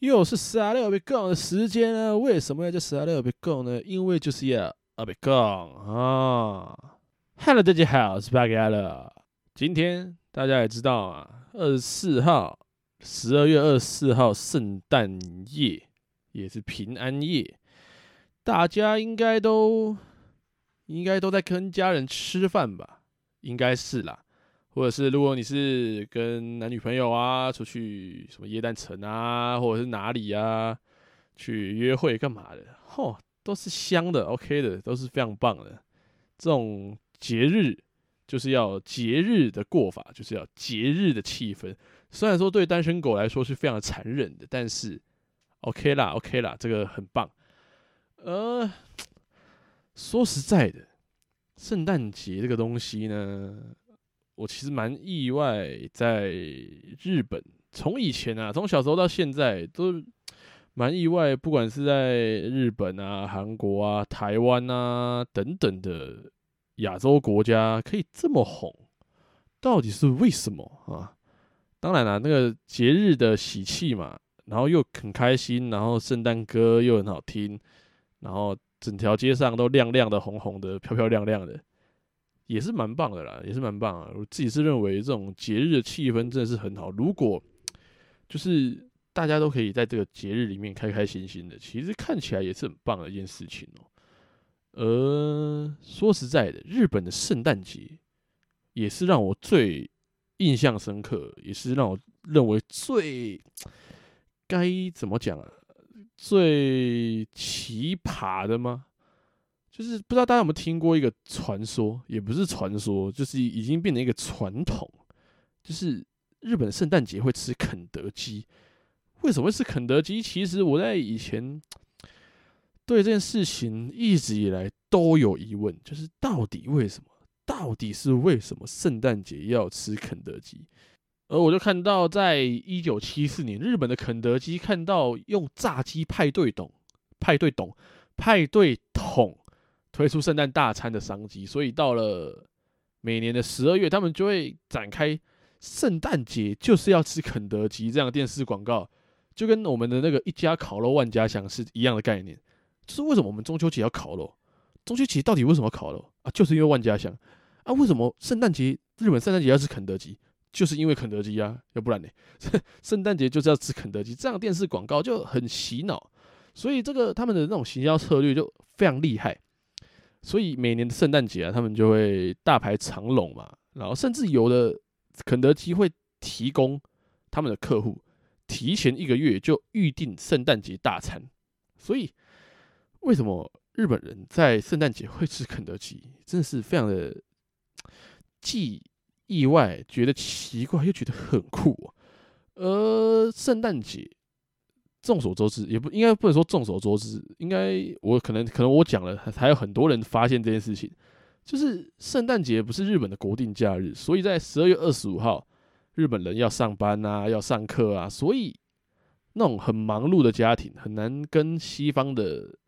又是撒尿被槓的時間了。為什麼要叫撒尿被槓呢？因為就是要二被槓啊！Hello，大家好，我是巴吉阿樂。今天大家也知道啊。二十四號，十二月二十四號，聖誕夜也是平安夜，大家應該都應該都在跟家人吃飯吧？應該是啦，或者是如果你是跟男女朋友啊，出去什麼耶誕城啊，或者是哪裡啊，去約會幹嘛的，哦，都是香的，OK 的，都是非常棒的，這種節日。就是要節日的過法，就是要節日的氣氛。雖然說對單身狗來說是非常殘忍的，但是 OK 啦，OK 啦，這個很棒。呃，說實在的，聖誕節這個東西呢，我其實蠻意外在日本，從以前啊，從小時候到現在，都蠻意外，不管是在日本啊、韓國啊、台灣啊等等的。亞洲國家可以這麼紅，到底是為什麼啊？當然了、啊，那個節日的喜氣嘛，然後又很開心，然後聖誕歌又很好聽，然後整條街上都亮亮的、紅紅的、漂漂亮亮的，也是蠻棒的啦，也是蠻棒啊。我自己是認為這種節日的氣氛真的是很好，如果就是大家都可以在這個節日裡面開開心心的，其實看起來也是很棒的一件事情哦、喔。呃，說實在的，日本的聖誕節也是讓我最印象深刻，也是讓我認為最，該怎麼講啊？最奇葩的嗎？就是不知道大家有沒有聽過一個傳說，也不是傳說，就是已經變成一個傳統，就是日本聖誕節會吃肯德基。為什麼會吃肯德基？其實我在以前。對這件事情一直以來都有疑問，就是到底為什麼？到底是為什麼聖誕節要吃肯德基？而我就看到，在一九七四年，日本的肯德基看到用炸雞派對桶、派對桶、派對桶推出聖誕大餐的商機，所以到了每年的十二月，他們就會展開聖誕節就是要吃肯德基這樣的電視廣告，就跟我們的那個一家烤肉萬家香是一樣的概念。就是為什麼我們中秋節要烤肉？中秋節到底為什麼烤肉啊？就是因為萬家香啊。為什麼聖誕節日本聖誕節要吃肯德基？就是因為肯德基啊。要不然呢，聖誕節就是要吃肯德基，這樣電視廣告就很洗腦。所以這個他們的那種行銷策略就非常厲害。所以每年的聖誕節啊，他們就會大排長龍嘛，然後甚至有的肯德基會提供他們的客戶提前一個月就預定聖誕節大餐，所以。為什麼日本人在聖誕節會吃肯德基？真的是非常的既意外、覺得奇怪，又覺得很酷啊！呃，聖誕節眾所周知，也不應該不能說眾所周知，應該我可能可能我講了，還有很多人發現這件事情，就是聖誕節不是日本的國定假日，所以在十二月二十五號，日本人要上班啊，要上課啊，所以那種很忙碌的家庭很難跟西方的。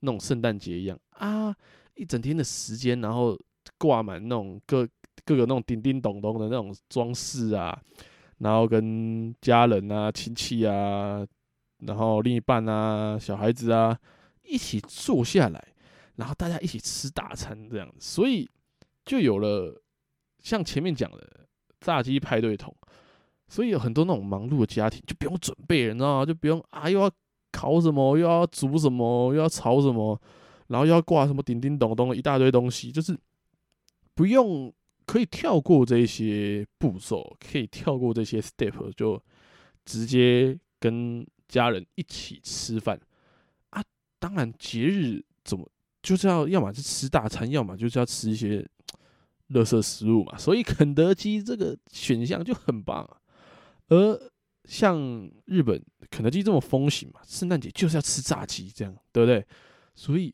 那種聖誕節一樣啊，一整天的時間，然後掛滿那種各各個那種叮叮咚咚的那種裝飾啊，然後跟家人啊、親戚啊，然後另一半啊、小孩子啊一起坐下來，然後大家一起吃大餐這樣子，所以就有了像前面講的炸雞派對桶，所以有很多那種忙碌的家庭就不用準備了，你知道嗎？就不用啊又要，炒什麼又要煮什麼又要炒什麼，然後又要掛什麼叮叮咚咚的一大堆東西，就是不用，可以跳過這些步驟，可以跳過這些 step，就直接跟家人一起吃飯啊！當然節日怎麼就是要要麼是吃大餐，要麼就是要吃一些垃圾食物嘛，所以肯德基這個選項就很棒，而。像日本肯德基這麼風行嘛，聖誕節就是要吃炸雞，這樣對不對？所以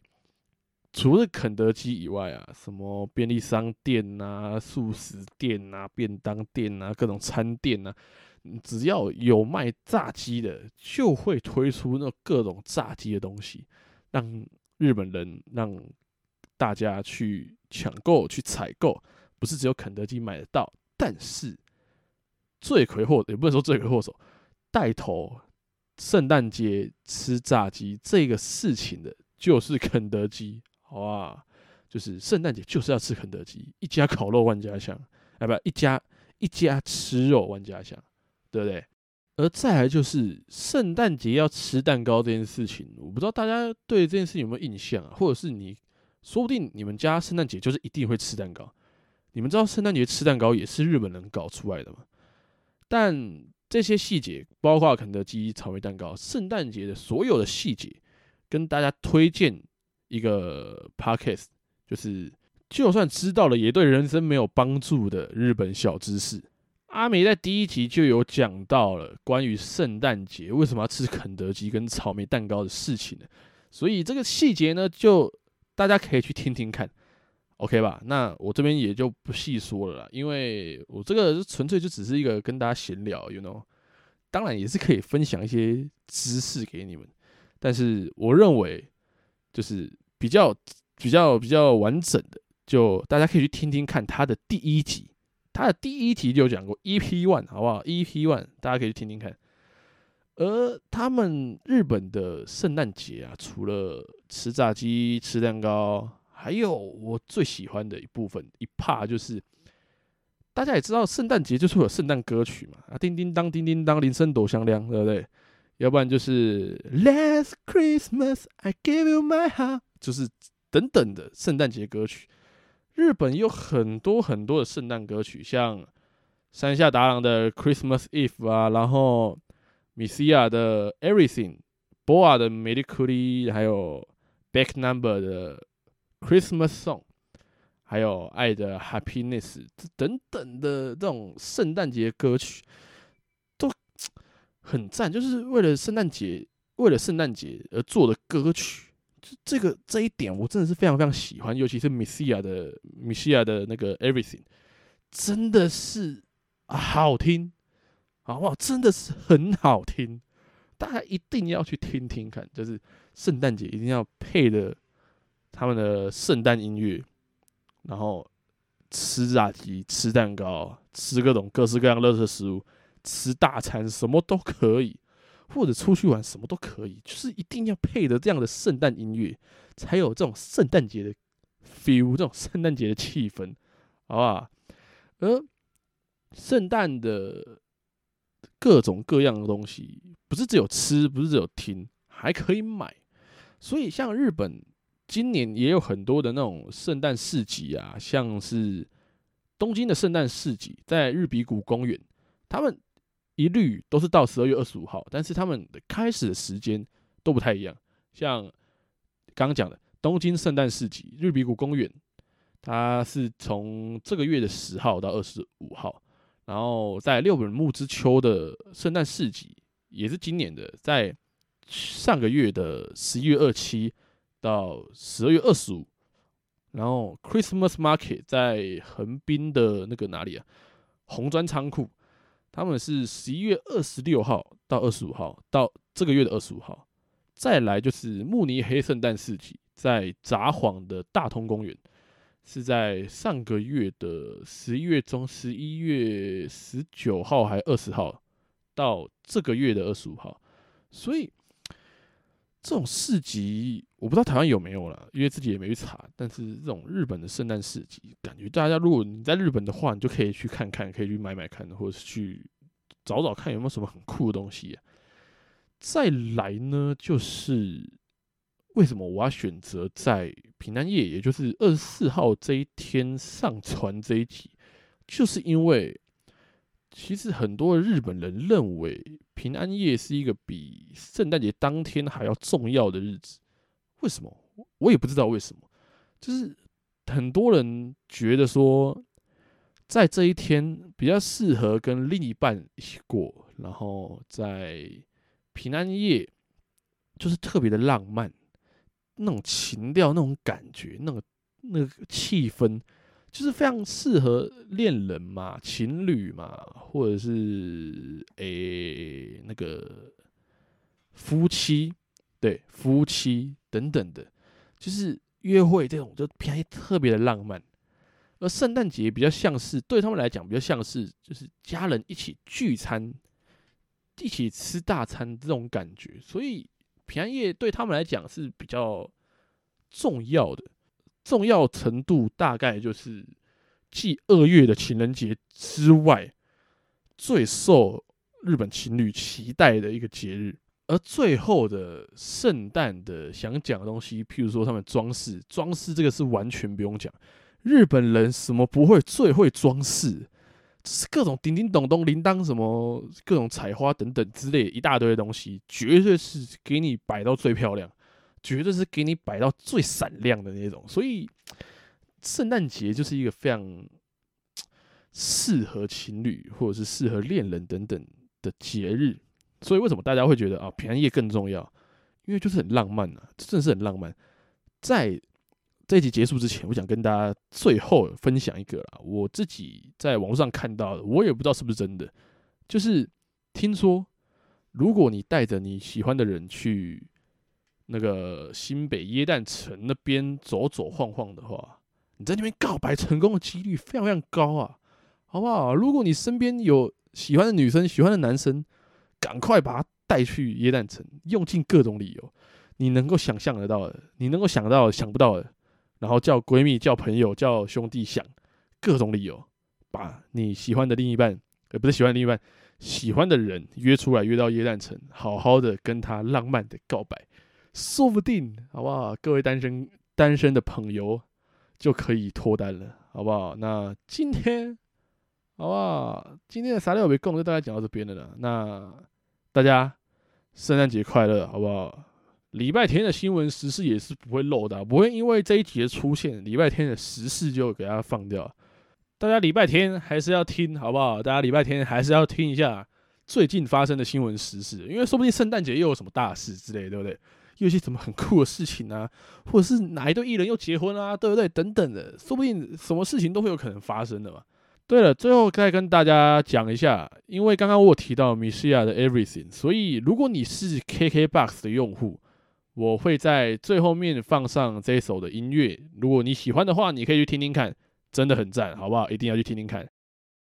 除了肯德基以外啊，什麼便利商店吶、啊、速食店吶、啊、便當店吶、啊、各種餐店吶、啊，只要有賣炸雞的，就會推出那各種炸雞的東西，讓日本人讓大家去搶購、去採購。不是只有肯德基買得到，但是。罪魁禍，也不能說罪魁禍首，帶頭聖誕節吃炸雞這個事情的就是肯德基，好吧，就是聖誕節就是要吃肯德基，一家烤肉萬家香，啊、哎，不，一家一家吃肉萬家香，對不對？而再來就是聖誕節要吃蛋糕這件事情，我不知道大家對這件事情有沒有印象啊？或者是你說不定你們家聖誕節就是一定會吃蛋糕，你們知道聖誕節吃蛋糕也是日本人搞出來的嗎？但這些細節，包括肯德基草莓蛋糕、聖誕節的所有的細節，跟大家推薦一個 podcast，就是就算知道了也對人生沒有幫助的日本小知識。阿美在第一集就有講到了關於聖誕節為什麼要吃肯德基跟草莓蛋糕的事情，所以這個細節呢，就大家可以去聽聽看。OK 吧，那我這邊也就不細說了啦，因為我這個就純粹就只是一個跟大家閒聊，you know。當然也是可以分享一些知識給你們，但是我認為就是比較比較比較完整的，就大家可以去聽聽看他的第一集，他的第一集就有講過 EP one，好不好？EP one，大家可以去聽聽看。而他們日本的聖誕節啊，除了吃炸雞、吃蛋糕。還有我最喜歡的一部分一 part 就是，大家也知道，聖誕節就是有聖誕歌曲嘛，啊，叮叮噹，叮叮噹，鈴聲多響亮，對不對？要不然就是 Last Christmas I gave you my heart，就是等等的聖誕節歌曲。日本有很多很多的聖誕歌曲，像山下達郎的 Christmas Eve 啊，然後米西亞的 Everything，BoA 的 Meri Kuri，還有 Back Number 的。Christmas song，還有愛的 Happiness 等等的這種聖誕節歌曲，都很讚。就是為了聖誕節，為了聖誕節而做的歌曲，就這個這一點我真的是非常非常喜歡。尤其是 Misia 的 Misia 的那個 Everything，真的是、啊、好聽，好不好？真的是很好聽，大家一定要去聽聽看。就是聖誕節一定要配的。他們的聖誕音樂，然後吃炸雞、吃蛋糕、吃各種各式各樣的垃圾食物、吃大餐，什麼都可以，或者出去玩，什麼都可以，就是一定要配的這樣的聖誕音樂，才有這種聖誕節的 feel，這種聖誕節的氣氛，好不好？而聖誕的各種各樣的東西，不是只有吃，不是只有聽，還可以買，所以像日本。今年也有很多的那種聖誕市集啊，像是東京的聖誕市集在日比谷公園，他們一律都是到十二月二十五號，但是他們的開始的時間都不太一樣。像剛剛講的東京聖誕市集日比谷公園，它是從這個月的十號到二十五號，然後在六本木之丘的聖誕市集也是今年的，在上個月的十一月二七，到十二月二十五，然後 Christmas Market 在橫濱的那個哪裡啊？紅磚倉庫，他們是十一月二十六號到二十五號，到這個月的二十五號。再來就是慕尼黑聖誕市集，在札幌的大通公園，是在上個月的十一月中，十一月十九號還二十號，到這個月的二十五號。所以這種市集。我不知道台灣有沒有了，因為自己也沒去查。但是這種日本的聖誕市集，感覺大家如果你在日本的話，你就可以去看看，可以去買買看，或者是去找找看有沒有什麼很酷的東西啊。再來呢，就是為什麼我要選擇在平安夜，也就是二十四號這一天上傳這一集，就是因為其實很多日本人認為平安夜是一個比聖誕節當天還要重要的日子。為什麼？我我也不知道為什麼，就是很多人覺得說，在這一天比較適合跟另一半一起過，然後在平安夜就是特別的浪漫，那種情調、那種感覺、那個那個氣氛，就是非常適合戀人嘛、情侶嘛，或者是誒、欸、那個夫妻，對，夫妻。等等的，就是約會這種，就平安夜特別的浪漫，而聖誕節比較像是對他們來講，比較像是就是家人一起聚餐，一起吃大餐這種感覺，所以平安夜對他們來講是比較重要的，重要程度大概就是繼二月的情人節之外，最受日本情侶期待的一個節日。而最後的聖誕的想講的東西，譬如說他們裝飾，裝飾這個是完全不用講。日本人什麼不會最會裝飾，就是各種叮叮咚咚鈴鐺，什麼各種彩花等等之類的一大堆的東西，絕對是給你擺到最漂亮，絕對是給你擺到最閃亮的那種。所以聖誕節就是一個非常適合情侶或者是適合戀人等等的節日。所以為什麼大家會覺得啊，平安夜更重要？因為就是很浪漫啊，這真的是很浪漫。在這一集結束之前，我想跟大家最後分享一個啦，我自己在網絡上看到的，我也不知道是不是真的，就是聽說，如果你帶着你喜歡的人去那個新北耶誕城那邊走走晃晃的話，你在那邊告白成功的幾率非常非常高啊，好不好？如果你身邊有喜歡的女生、喜歡的男生。趕快把他帶去耶誕城，用盡各種理由，你能夠想象得到的，你能夠想到的想不到的，然後叫閨蜜、叫朋友、叫兄弟想，想各種理由，把你喜歡的另一半，呃，不是喜歡的另一半，喜歡的人約出來，約到耶誕城，好好的跟他浪漫的告白，說不定，好不好？各位單身單身的朋友就可以脫單了，好不好？那今天，好不好？今天的沙雕歐北，共就大概跟大家講到這邊了啦那。大家聖誕節快樂，好不好？禮拜天的新聞時事也是不會漏的啊，不會因為這一集的出現禮拜天的時事就給它放掉。大家禮拜天還是要聽，好不好？大家禮拜天還是要聽一下最近發生的新聞時事，因為說不定聖誕節又有什麼大事之類，對不對？又是什麼很酷的事情呢啊？或者是哪一對藝人又結婚啊，對不對？等等的，說不定什麼事情都會有可能發生的嘛。對了，最後再跟大家講一下，因為剛剛我有提到米西亞的 Everything，所以如果你是 KKBOX 的用戶，我會在最後面放上這一首的音樂。如果你喜歡的話，你可以去聽聽看，真的很讚，好不好？一定要去聽聽看。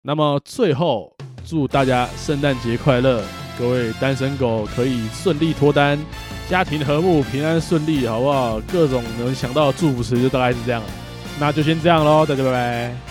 那麼最後，祝大家聖誕節快樂，各位單身狗可以順利脫單，家庭和睦，平安順利，好不好？各種能想到的祝福詞就大概是這樣了。那就先這樣嘍，大家拜拜。